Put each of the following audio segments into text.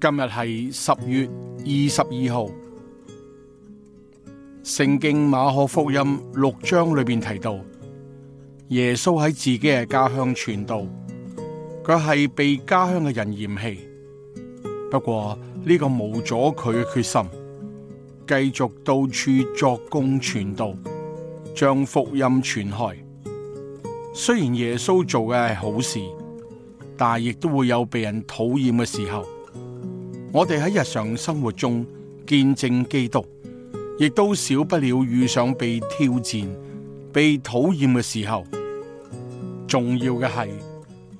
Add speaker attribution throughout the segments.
Speaker 1: 今日係十月二十二號，《聖經馬可福音》六章裏邊提到，耶穌喺自己嘅家鄉傳道，佢係被家鄉嘅人嫌棄。不過呢個冇咗佢嘅決心，繼續到處作工傳道，將福音傳開。雖然耶穌做嘅係好事，但係亦都會有被人討厭嘅時候。我哋喺日常生活中見證基督，亦都少不了遇上被挑戰、被討厭嘅時候。重要嘅係，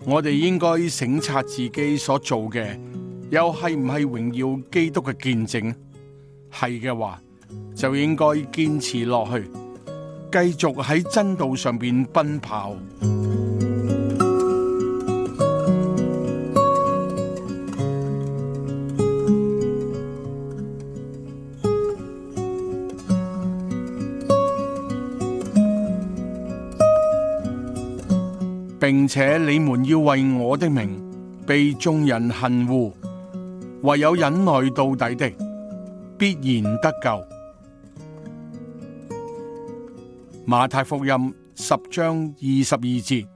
Speaker 1: 我哋應該省察自己所做嘅，又係唔係榮耀基督嘅見證？係嘅話，就應該堅持落去，繼續喺真道上邊奔跑。並且你們要為我的名被眾人恨惡，唯有忍耐到底的，必然得救。馬太福音十章二十二節。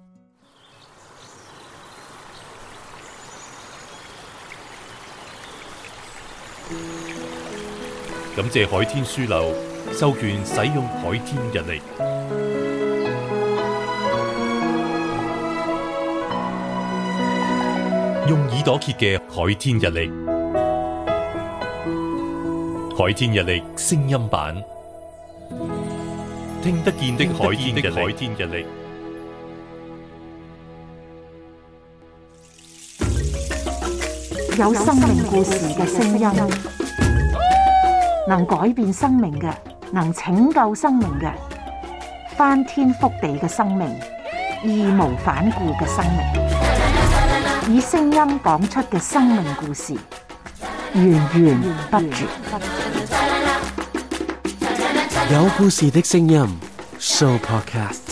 Speaker 2: 感謝海天書樓授權使用海天日曆。用耳朵揭嘅《海天日曆》，《海天日曆》聲音版，聽得見的《海天日曆》，
Speaker 3: 有生命故事嘅聲音，能改變生命嘅，能拯救生命嘅，翻天覆地嘅生命，義無反顧嘅生命。以聲音講出嘅生命故事，源源不絕。有故事的聲音，Sooo Podcast。